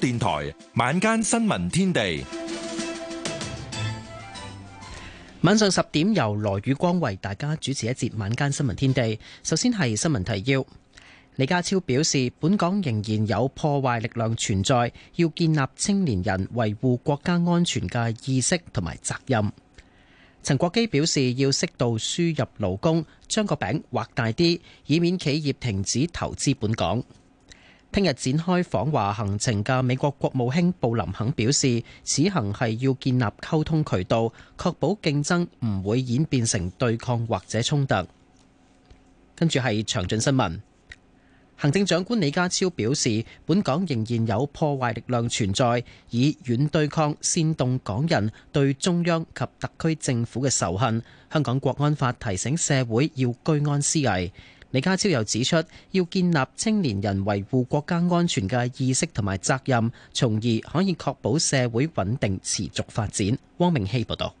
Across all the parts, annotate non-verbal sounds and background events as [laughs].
電台晚間新聞天地，晚上十點由羅宇光為大家主持一節晚間新聞天地。首先係新聞提要。李家超表示，本港仍然有破壞力量存在，要建立青年人維護國家安全嘅意識同埋責任。陳國基表示，要適度輸入勞工，將個餅畫大啲，以免企業停止投資本港。聽日展開訪華行程嘅美國國務卿布林肯表示，此行係要建立溝通渠道，確保競爭唔會演變成對抗或者衝突。跟住係詳盡新聞，行政長官李家超表示，本港仍然有破壞力量存在，以軟對抗煽動港人對中央及特區政府嘅仇恨。香港國安法提醒社會要居安思危。李家超又指出，要建立青年人維護國家安全嘅意識同埋責任，從而可以確保社會穩定持續發展。汪明熙報道。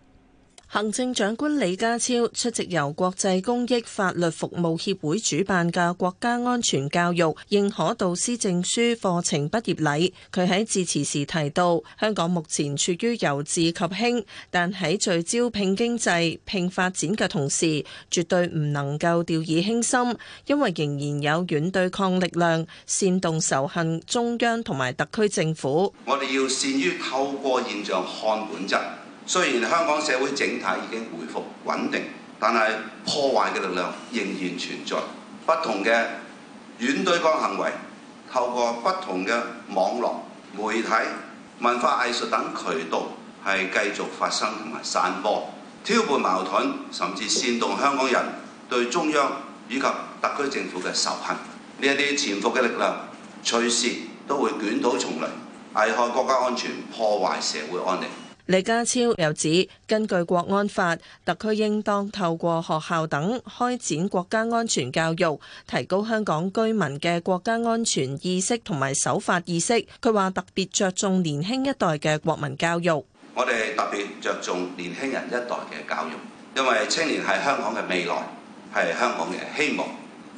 行政長官李家超出席由國際公益法律服務協會主辦嘅國家安全教育認可導師證書課程畢業禮，佢喺致辭時提到：香港目前處於由治及興，但喺聚焦拼經濟、拼發展嘅同時，絕對唔能夠掉以輕心，因為仍然有軟對抗力量煽動仇恨中央同埋特區政府。我哋要善於透過現象看本質。雖然香港社會整體已經回復穩定，但係破壞嘅力量仍然存在。不同嘅軟對抗行為，透過不同嘅網絡、媒體、文化藝術等渠道，係繼續發生同埋散播，挑撥矛盾，甚至煽動香港人對中央以及特區政府嘅仇恨。呢一啲潛伏嘅力量，隨時都會捲土重來，危害國家安全，破壞社會安寧。李家超又指，根據國安法，特區應當透過學校等開展國家安全教育，提高香港居民嘅國家安全意識同埋守法意識。佢話特別着重年輕一代嘅國民教育。我哋特別着重年輕人一代嘅教育，因為青年係香港嘅未來，係香港嘅希望。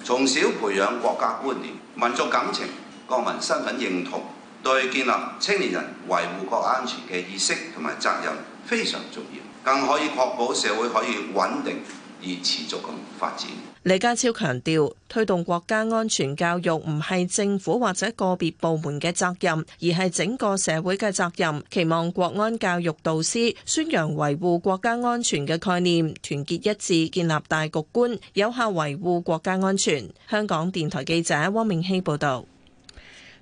從小培養國家觀念、民族感情、國民身份認同。再建立青年人維護國安全嘅意識同埋責任非常重要，更可以確保社會可以穩定而持續咁發展。李家超強調，推動國家安全教育唔係政府或者個別部門嘅責任，而係整個社會嘅責任。期望國安教育導師宣揚維護國家安全嘅概念，團結一致，建立大局觀，有效維護國家安全。香港電台記者汪明希報道。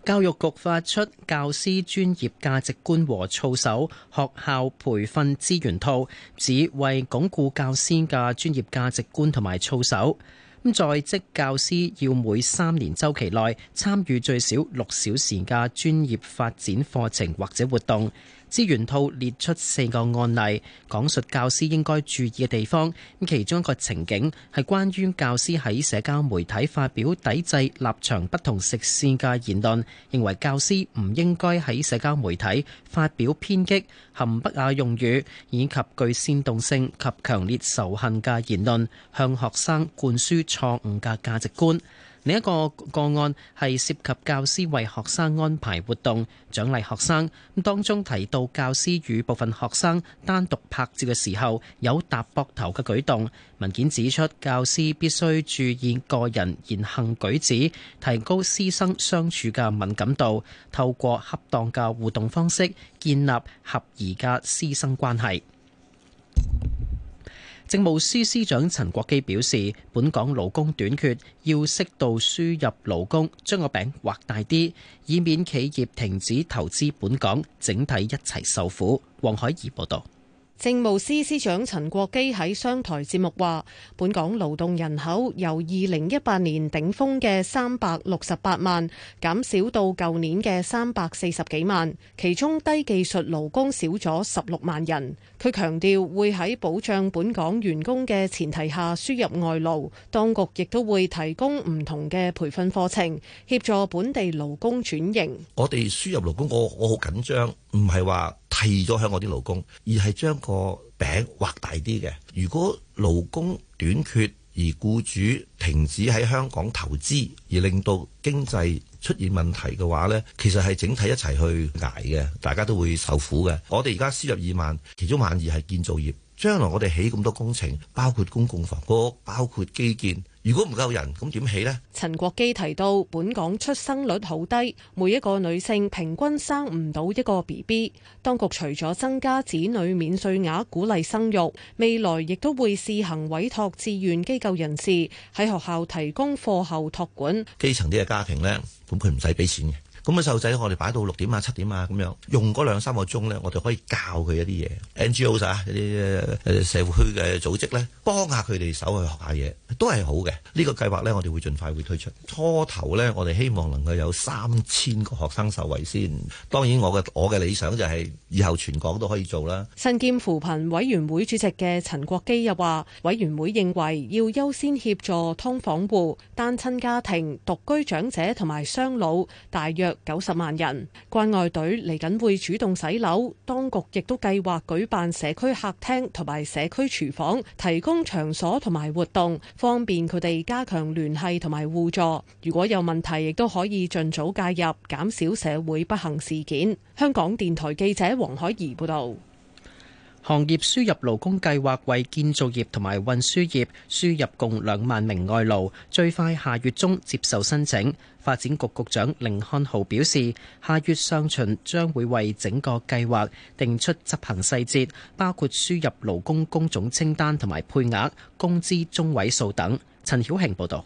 教育局發出教師專業價值觀和操守學校培訓資源套，指為鞏固教師嘅專業價值觀同埋操守，咁在職教師要每三年周期內參與最少六小時嘅專業發展課程或者活動。資源套列出四個案例，講述教師應該注意嘅地方。咁其中一個情景係關於教師喺社交媒體發表抵制立場不同食肆嘅言論，認為教師唔應該喺社交媒體發表偏激含不雅用語以及具煽動性及強烈仇恨嘅言論，向學生灌輸錯誤嘅價值觀。另一個個案係涉及教師為學生安排活動，獎勵學生。咁當中提到教師與部分學生單獨拍照嘅時候，有搭膊頭嘅舉動。文件指出，教師必須注意個人言行舉止，提高師生相處嘅敏感度，透過恰當嘅互動方式。建立合宜嘅師生關係。政務司司長陳國基表示，本港勞工短缺，要適度輸入勞工，將個餅劃大啲，以免企業停止投資本港，整體一齊受苦。黃海怡報道。政務司司長陳國基喺商台節目話，本港勞動人口由二零一八年頂峰嘅三百六十八萬減少到舊年嘅三百四十幾萬，其中低技術勞工少咗十六萬人。佢強調會喺保障本港員工嘅前提下輸入外勞，當局亦都會提供唔同嘅培訓課程，協助本地勞工轉型。我哋輸入勞工我，我我好緊張，唔係話替咗香港啲勞工，而係將個餅畫大啲嘅。如果勞工短缺而僱主停止喺香港投資，而令到經濟出現問題嘅話呢，其實係整體一齊去捱嘅，大家都會受苦嘅。我哋而家輸入二萬，其中萬二係建造業，將來我哋起咁多工程，包括公共房屋，包括基建。如果唔夠人，咁點起呢？陳國基提到，本港出生率好低，每一個女性平均生唔到一個 BB。當局除咗增加子女免稅額，鼓勵生育，未來亦都會試行委託志願機構人士喺學校提供課後托管。基層啲嘅家庭呢，咁佢唔使俾錢嘅。咁啊，細路仔，我哋擺到六點啊、七點啊咁樣，用嗰兩三個鐘咧，我哋可以教佢一啲嘢。NGO 啊，一啲誒社區嘅組織咧，幫下佢哋手去學下嘢，都係好嘅。這個、呢個計劃咧，我哋會盡快會推出。初頭咧，我哋希望能夠有三千個學生受惠先。當然我，我嘅我嘅理想就係以後全港都可以做啦。身兼扶貧委員會主席嘅陳國基又話，委員會認為要優先協助劏房戶、單親家庭、獨居長者同埋雙老，大約，九十萬人，關愛隊嚟緊會主動洗樓，當局亦都計劃舉辦社區客廳同埋社區廚房，提供場所同埋活動，方便佢哋加強聯繫同埋互助。如果有問題，亦都可以盡早介入，減少社會不幸事件。香港電台記者黃海怡報導。行業輸入勞工計劃為建造業同埋運輸業輸入共兩萬名外勞，最快下月中接受申請。發展局局長甯漢豪表示，下月上旬將會為整個計劃定出執行細節，包括輸入勞工工種清單同埋配額、工資中位數等。陳曉慶報導。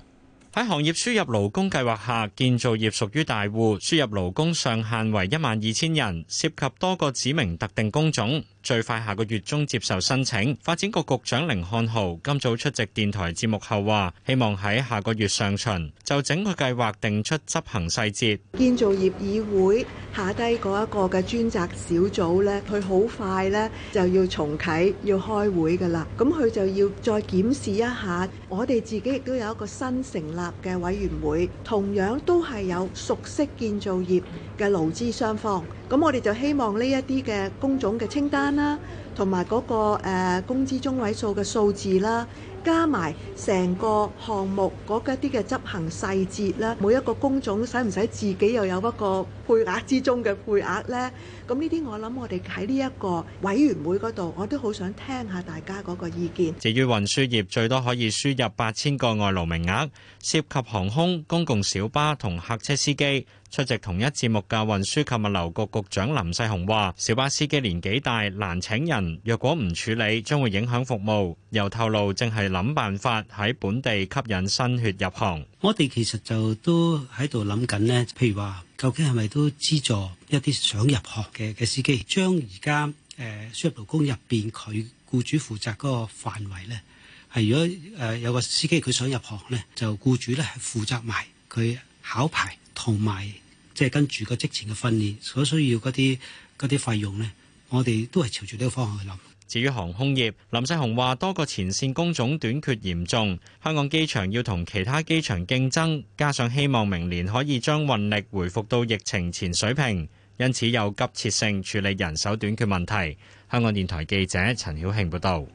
喺行業輸入勞工計劃下，建造業屬於大戶，輸入勞工上限為一萬二千人，涉及多個指明特定工種。最快下個月中接受申請。發展局局長凌漢豪今早出席電台節目後話：希望喺下個月上旬就整個計劃定出執行細節。建造業議會下低嗰一個嘅專責小組咧，佢好快咧就要重啟，要開會噶啦。咁佢就要再檢視一下。我哋自己亦都有一個新成立嘅委員會，同樣都係有熟悉建造業嘅勞資雙方。咁我哋就希望呢一啲嘅工種嘅清單。啦，同埋嗰個誒工資中位數嘅數字啦，加埋成個項目嗰一啲嘅執行細節啦，每一個工種使唔使自己又有一個配額之中嘅配額呢？咁呢啲我諗我哋喺呢一個委員會嗰度，我都好想聽下大家嗰個意見。至於運輸業最多可以輸入八千個外勞名額，涉及航空、公共小巴同客車司機。出席同一節目嘅運輸及物流局局長林世雄話，小巴司機年紀大難請人，若果唔處理，將會影響服務。又透露正係諗辦法喺本地吸引新血入行。我哋其實就都喺度諗緊咧，譬如話，究竟係咪都資助一啲想入行嘅嘅司機，將而家誒輸入勞工入邊佢僱主負責嗰個範圍咧，係如果誒有個司機佢想入行咧，就僱主咧係負責埋佢考牌。同埋，即係跟住個職前嘅訓練所需要嗰啲嗰啲費用咧，我哋都係朝住呢個方向去諗。至於航空業，林世雄話多個前綫工種短缺嚴重，香港機場要同其他機場競爭，加上希望明年可以將運力回復到疫情前水平，因此有急切性處理人手短缺問題。香港電台記者陳曉慶報道。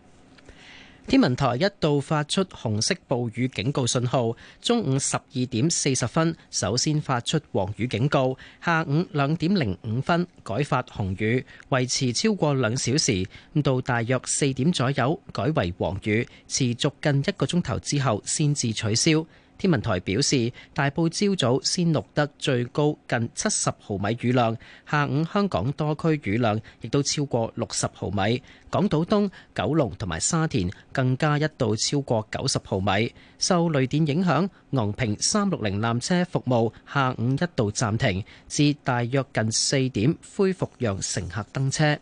天文台一度發出紅色暴雨警告信號，中午十二點四十分首先發出黃雨警告，下午兩點零五分改發紅雨，維持超過兩小時，到大約四點左右改為黃雨，持續近一個鐘頭之後先至取消。天文台表示，大埔朝早先錄得最高近七十毫米雨量，下午香港多區雨量亦都超過六十毫米，港島東、九龍同埋沙田更加一度超過九十毫米。受雷電影響，昂坪三六零纜車服務下午一度暫停，至大約近四點恢復讓乘客登車。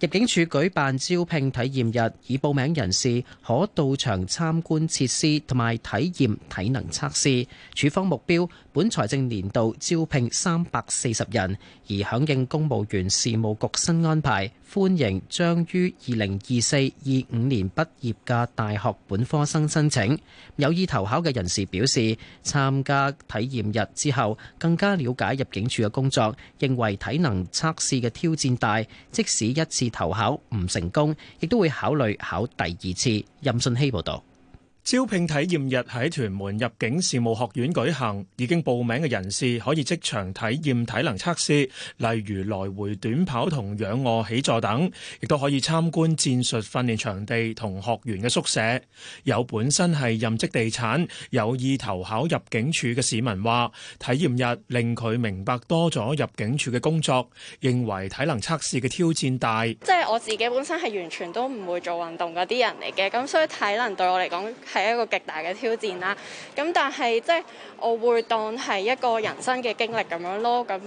入境處舉辦招聘體驗日，已報名人士可到場參觀設施同埋體驗體能測試。處方目標本財政年度招聘三百四十人，而響應公務員事務局新安排，歡迎將於二零二四二五年畢業嘅大學本科生申請。有意投考嘅人士表示，參加體驗日之後更加了解入境處嘅工作，認為體能測試嘅挑戰大，即使一次，投考唔成功，亦都會考慮考第二次。任信希報道。招聘體驗日喺屯門入境事務學院舉行，已經報名嘅人士可以即場體驗體能測試，例如來回短跑同仰臥起坐等，亦都可以參觀戰術訓練場地同學員嘅宿舍。有本身係任職地產、有意投考入境處嘅市民話，體驗日令佢明白多咗入境處嘅工作，認為體能測試嘅挑戰大。即係我自己本身係完全都唔會做運動嗰啲人嚟嘅，咁所以體能對我嚟講係一個極大嘅挑戰啦，咁但係，即係我會當係一個人生嘅經歷咁樣咯，咁。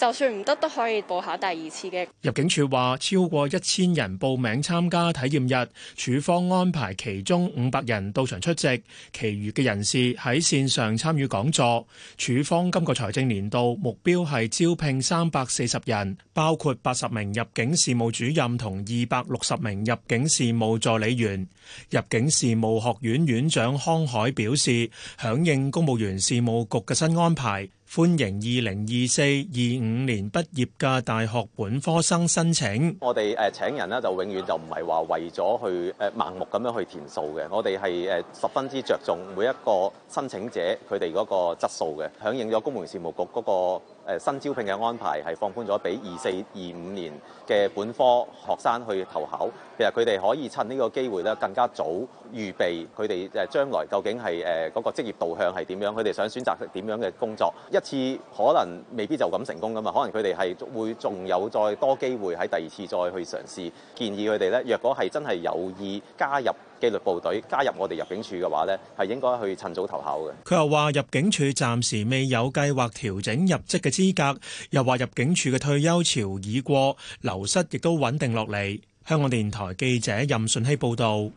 就算唔得都可以報考第二次嘅。入境處話，超過一千人報名參加體驗日，處方安排其中五百人到場出席，其餘嘅人士喺線上參與講座。處方今個財政年度目標係招聘三百四十人，包括八十名入境事務主任同二百六十名入境事務助理員。入境事務學院院長康海表示，響應公務員事務局嘅新安排。歡迎二零二四、二五年畢業嘅大學本科生申請。我哋誒，請人咧就永遠就唔係話為咗去誒盲目咁樣去填數嘅。我哋係誒十分之着重每一個申請者，佢哋嗰個質素嘅。響應咗公務員事務局嗰個。誒新招聘嘅安排係放寬咗，俾二四二五年嘅本科學生去投考，其實，佢哋可以趁呢個機會咧，更加早預備。佢哋誒將來究竟係誒嗰個職業導向係點樣，佢哋想選擇點樣嘅工作。一次可能未必就咁成功噶嘛，可能佢哋係會仲有再多機會喺第二次再去嘗試。建議佢哋咧，若果係真係有意加入。紀律部隊加入我哋入境處嘅話呢係應該去趁早投考嘅。佢又話入境處暫時未有計劃調整入職嘅資格，又話入境處嘅退休潮已過，流失亦都穩定落嚟。香港電台記者任順希報道。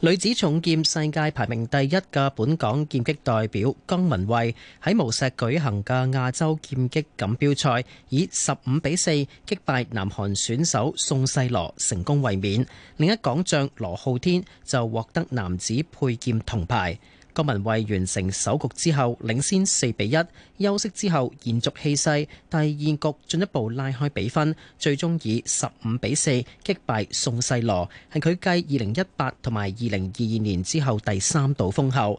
女子重劍世界排名第一嘅本港劍擊代表江文慧喺無錫舉行嘅亞洲劍擊錦標賽，以十五比四擊敗南韓選手宋世羅，成功衛冕。另一港將羅浩天就獲得男子佩劍銅牌。郭文慧完成首局之後領先四比一。休息之後，延續氣勢，第二局進一步拉開比分，最終以十五比四擊敗宋世羅，係佢繼二零一八同埋二零二二年之後第三度封后。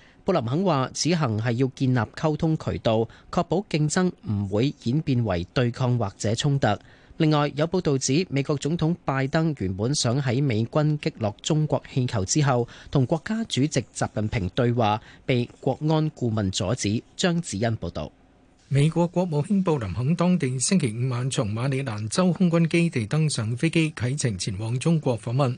布林肯話：此行係要建立溝通渠道，確保競爭唔會演變為對抗或者衝突。另外，有報道指美國總統拜登原本想喺美軍擊落中國氣球之後，同國家主席習近平對話，被國安顧問阻止。張子欣報道。美國國務卿布林肯當地星期五晚從馬里蘭州空軍基地登上飛機，啟程前往中國訪問。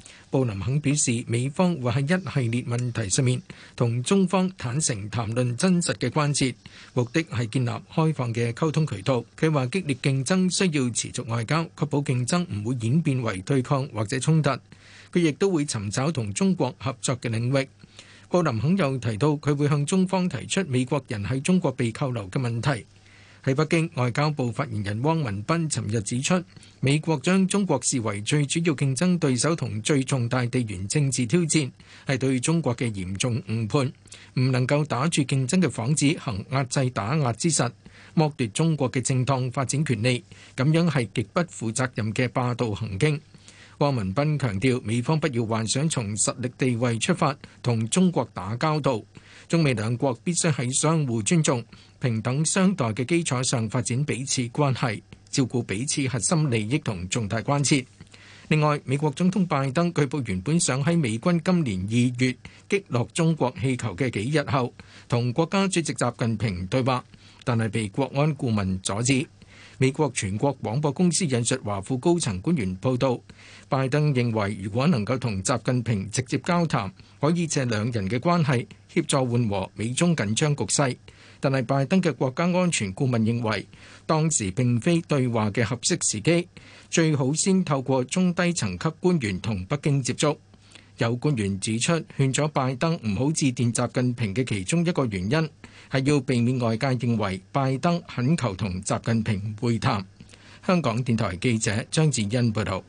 布林肯表示，美方會喺一系列問題上面同中方坦誠談論真實嘅關切，目的係建立開放嘅溝通渠道。佢話激烈競爭需要持續外交，確保競爭唔會演變為對抗或者衝突。佢亦都會尋找同中國合作嘅領域。布林肯又提到，佢會向中方提出美國人喺中國被扣留嘅問題。喺北京，外交部發言人汪文斌尋日指出，美國將中國視為最主要競爭對手同最重大地緣政治挑戰，係對中國嘅嚴重誤判，唔能夠打住競爭嘅幌子行壓制打壓之實，剝奪中國嘅正當發展權利，咁樣係極不負責任嘅霸道行徑。汪文斌強調，美方不要幻想從實力地位出發同中國打交道，中美兩國必須喺相互尊重，平等相待嘅基礎上發展彼此關係，照顧彼此核心利益同重大關切。另外，美國總統拜登據報原本想喺美軍今年二月擊落中國氣球嘅幾日後，同國家主席習近平對話，但係被國安顧問阻止。美國全國廣播公司引述華府高層官員報道，拜登認為如果能夠同習近平直接交談，可以借兩人嘅關係協助緩和美中緊張局勢。但係，拜登嘅國家安全顧問認為，當時並非對話嘅合適時機，最好先透過中低層級官員同北京接觸。有官員指出，勸咗拜登唔好致電習近平嘅其中一個原因，係要避免外界認為拜登懇求同習近平會談。香港電台記者張志欣報道。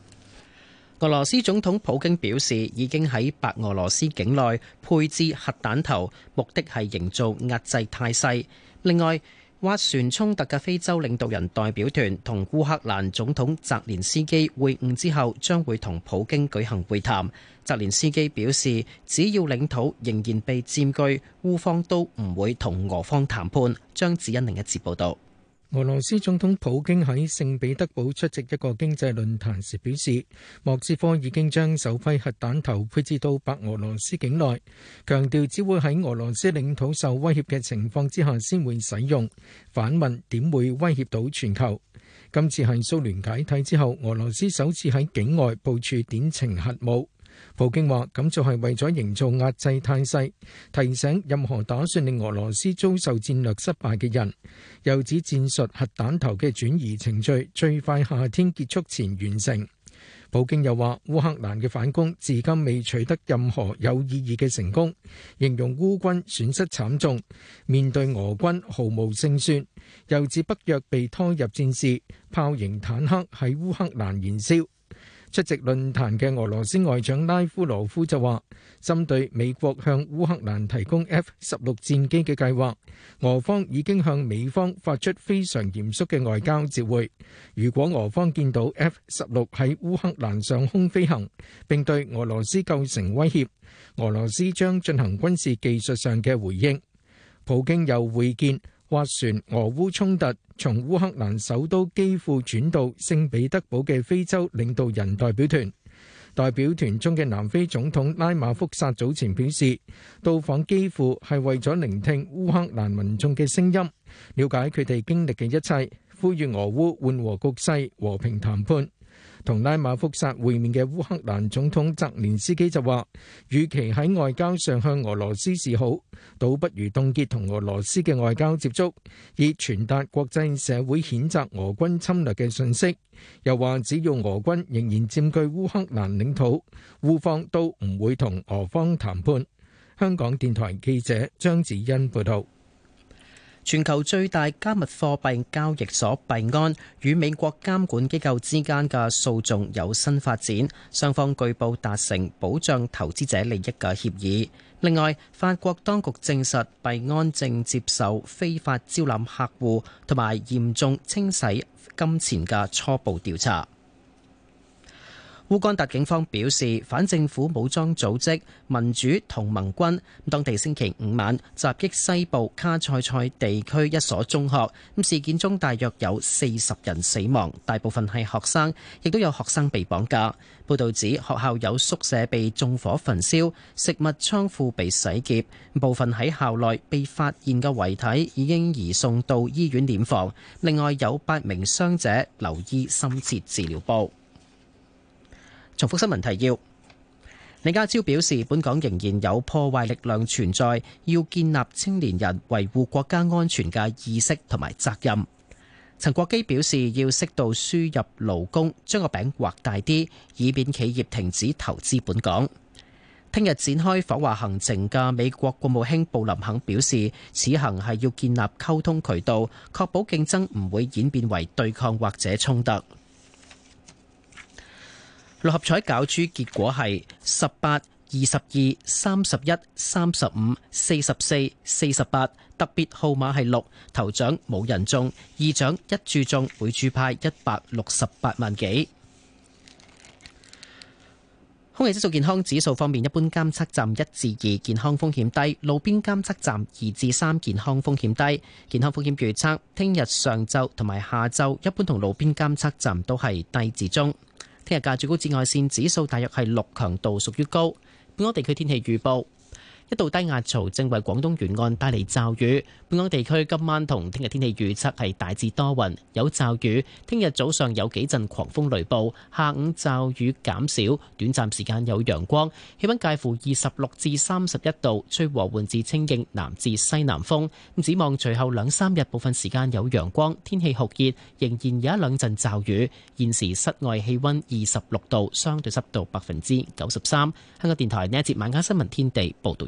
俄羅斯總統普京表示，已經喺白俄羅斯境內配置核彈頭，目的係營造壓制態勢。另外，斡旋衝突嘅非洲領導人代表團同烏克蘭總統澤連斯基會晤之後，將會同普京舉行會談。澤連斯基表示，只要領土仍然被佔據，烏方都唔會同俄方談判。張子欣另一節報道。俄羅斯總統普京喺聖彼得堡出席一個經濟論壇時表示，莫斯科已經將首批核彈頭配置到白俄羅斯境內，強調只會喺俄羅斯領土受威脅嘅情況之下先會使用。反問點會威脅到全球？今次係蘇聯解體之後，俄羅斯首次喺境外部署短程核武。普京話：咁就係為咗營造壓制態勢，提醒任何打算令俄羅斯遭受戰略失敗嘅人。又指戰術核彈頭嘅轉移程序最快夏天結束前完成。普京又話：烏克蘭嘅反攻至今未取得任何有意義嘅成功，形容烏軍損失慘重，面對俄軍毫無勝算。又指北約被拖入戰事，炮型坦克喺烏克蘭燃燒。出席論壇嘅俄羅斯外長拉夫羅夫就話：針對美國向烏克蘭提供 F 十六戰機嘅計劃，俄方已經向美方發出非常嚴肅嘅外交照會。如果俄方見到 F 十六喺烏克蘭上空飛行，並對俄羅斯構成威脅，俄羅斯將進行軍事技術上嘅回應。普京又會見斡旋俄烏衝突從烏克蘭首都基輔轉到聖彼得堡嘅非洲領導人代表團，代表團中嘅南非總統拉馬福薩早前表示，到訪基輔係為咗聆聽烏克蘭民眾嘅聲音，瞭解佢哋經歷嘅一切，呼籲俄烏緩和局勢、和平談判。同拉馬福薩會面嘅烏克蘭總統澤連斯基就話，與其喺外交上向俄羅斯示好，倒不如凍結同俄羅斯嘅外交接觸，以傳達國際社會譴責俄軍侵略嘅信息。又話，只要俄軍仍然佔據烏克蘭領土，烏方都唔會同俄方談判。香港電台記者張子欣報道。全球最大加密貨幣交易所幣安與美國監管機構之間嘅訴訟有新發展，雙方據報達成保障投資者利益嘅協議。另外，法國當局證實幣安正接受非法招攬客戶同埋嚴重清洗金錢嘅初步調查。烏干達警方表示，反政府武裝組織民主同盟軍，當地星期五晚襲擊西部卡塞塞地區一所中學。咁事件中大約有四十人死亡，大部分係學生，亦都有學生被綁架。報導指學校有宿舍被縱火焚燒，食物倉庫被洗劫。部分喺校內被發現嘅遺體已經移送到醫院殮房，另外有八名傷者留醫深切治療部。重複新聞提要。李家超表示，本港仍然有破壞力量存在，要建立青年人維護國家安全嘅意識同埋責任。陳國基表示，要適度輸入勞工，將個餅畫大啲，以免企業停止投資本港。聽日展開訪華行程嘅美國國務卿布林肯表示，此行係要建立溝通渠道，確保競爭唔會演變為對抗或者衝突。六合彩攪珠結果係十八、二十二、三十一、三十五、四十四、四十八。特別號碼係六。頭獎冇人中，二獎一注中，每注派一百六十八萬幾。空氣質素健康指數方面，一般監測站一至二，健康風險低；路邊監測站二至三，健康風險低。健康風險預測，聽日上晝同埋下晝，一般同路邊監測站都係低至中。聽日嘅最高紫外線指數大約係六，強度屬於高。本港地區天氣預報。一度低壓槽正為廣東沿岸帶嚟驟雨，本港地區今晚同聽日天氣預測係大致多雲有驟雨，聽日早上有幾陣狂風雷暴，下午驟雨減少，短暫時間有陽光，氣溫介乎二十六至三十一度，吹和緩至清勁南至西南風，咁展望隨後兩三日部分時間有陽光，天氣酷熱，仍然有一兩陣驟雨。現時室外氣溫二十六度，相對濕度百分之九十三。香港電台呢一節晚間新聞天地報道。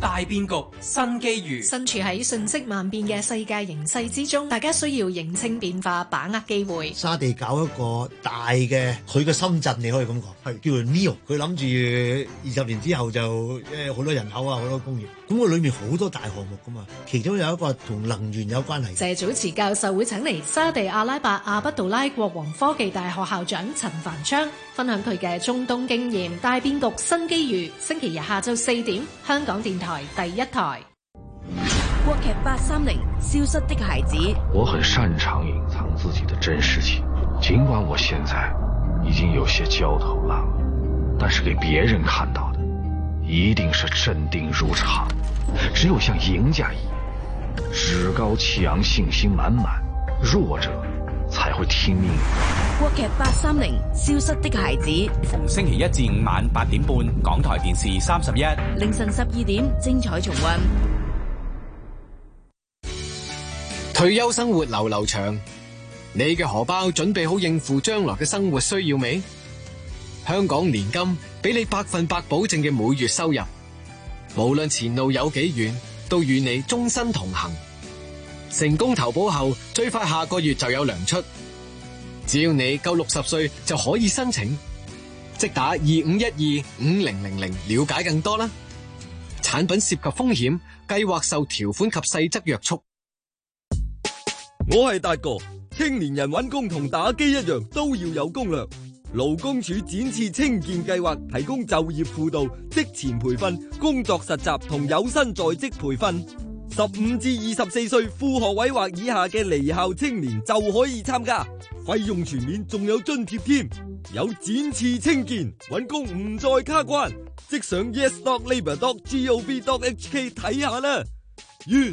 大變局，新機遇。身處喺瞬息萬變嘅世界形勢之中，大家需要認清變化，把握機會。沙地搞一個大嘅，佢嘅深圳你可以咁講，係叫做 Neo。佢諗住二十年之後就誒好多人口啊，好多工業。咁我裏面好多大項目噶嘛，其中有一個同能源有關係。謝祖慈教授會請嚟沙地阿拉伯阿卜杜拉國王科技大學校，校長陳繁昌分享佢嘅中東經驗、大變局、新機遇。星期日下晝四點，香港電台第一台。國劇八三零，消失的孩子。我很擅長隱藏自己的真實性，盡管我現在已經有些焦頭爛額，但是給別人看到，一定是鎮定如常，只有像贏家一樣趾高氣揚、信心滿滿，弱者才會聽命。國劇八三零《消失的孩子》，逢星期一至五晚八點半，港台電視三十一，凌晨十二點精彩重温。退休生活流流長，你嘅荷包準備好應付將來嘅生活需要未？香港年金俾你百分百保證嘅每月收入，無論前路有幾遠，都與你終身同行。成功投保後，最快下個月就有糧出。只要你夠六十歲就可以申請，即打二五一二五零零零，了解更多啦。產品涉及風險，計劃受條款及細則約束。我係達哥，青年人揾工同打機一樣，都要有攻略。勞工處展翅青見計劃提供就業輔導、職前培訓、工作實習同有薪在職培訓。十五至二十四歲副學位或以下嘅離校青年就可以參加，費用全免，仲有津貼添。有展翅青見，揾工唔再卡關。即上 yes dot labour dot gov dot hk 睇下啦。完。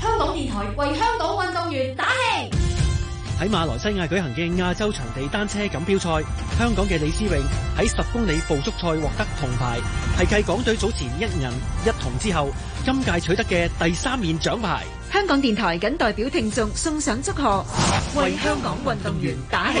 香港電台為香港運動員打氣。喺馬來西亞舉行嘅亞洲場地單車錦標賽，香港嘅李思穎喺十公里捕捉賽獲得銅牌，係繼港隊早前一銀一銅之後，今屆取得嘅第三面獎牌。香港電台謹代表聽眾送上祝賀，為香港運動員打氣。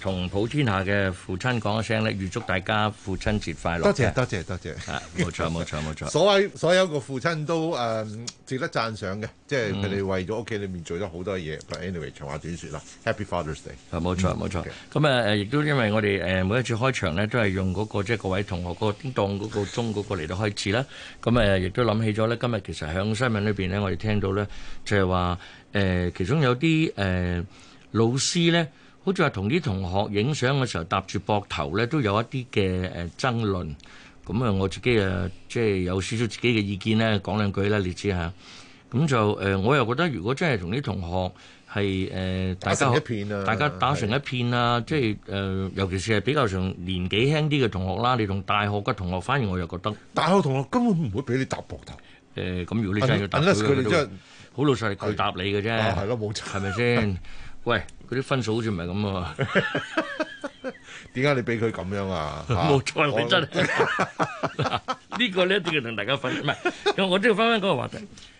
同普天下嘅父親講一聲咧，預祝大家父親節快樂！多謝多謝多謝，冇、 [laughs] 啊、錯冇錯冇錯， [laughs] 所有所有個父親都誒、uh, 值得讚賞嘅，即係佢哋為咗屋企裏面做咗好多嘢。嗯、anyway，長話短説啦，Happy Father’s Day！冇錯冇錯。咁誒亦都因為我哋誒、呃、每一次開場咧，都係用嗰、那個即係、就是、各位同學個叮噹嗰個鐘嗰個嚟到開始啦。咁誒亦都諗起咗咧，今日其實喺新聞裏邊咧，我哋聽到咧就係話誒，其中有啲誒老師咧。呃呃好似話同啲同學影相嘅時候搭住膊頭咧，都有一啲嘅誒爭論。咁、嗯、啊，我自己啊，即係有少少自己嘅意見咧，講兩句啦，你知嚇。咁就誒，我又覺得如果真係同啲同學係誒，大家好，一片啊、大家打成一片啊，是即係誒、呃，尤其是係比較上年紀輕啲嘅同學啦。你同大學嘅同學，反而我又覺得大學同學根本唔會俾你搭膊頭。誒、呃，咁如果你真係要搭佢，unless 你真好老實嚟佢搭你嘅啫。係咯，冇、啊、錯，係咪先？喂！嗰啲分數好似唔係咁啊嘛？點解你俾佢咁樣啊？冇錯，你真係呢 [laughs] [laughs] 個咧一定要同大家分，唔係我都要翻翻嗰個話題，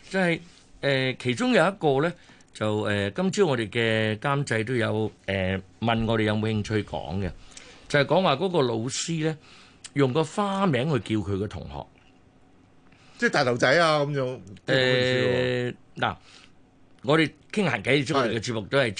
即係誒其中有一個咧就誒、呃、今朝我哋嘅監製都有誒、呃、問我哋有冇興趣講嘅，就係講話嗰個老師咧用個花名去叫佢嘅同學，即係大頭仔啊咁樣。誒嗱、呃啊呃，我哋傾閒偈出嚟嘅節目都係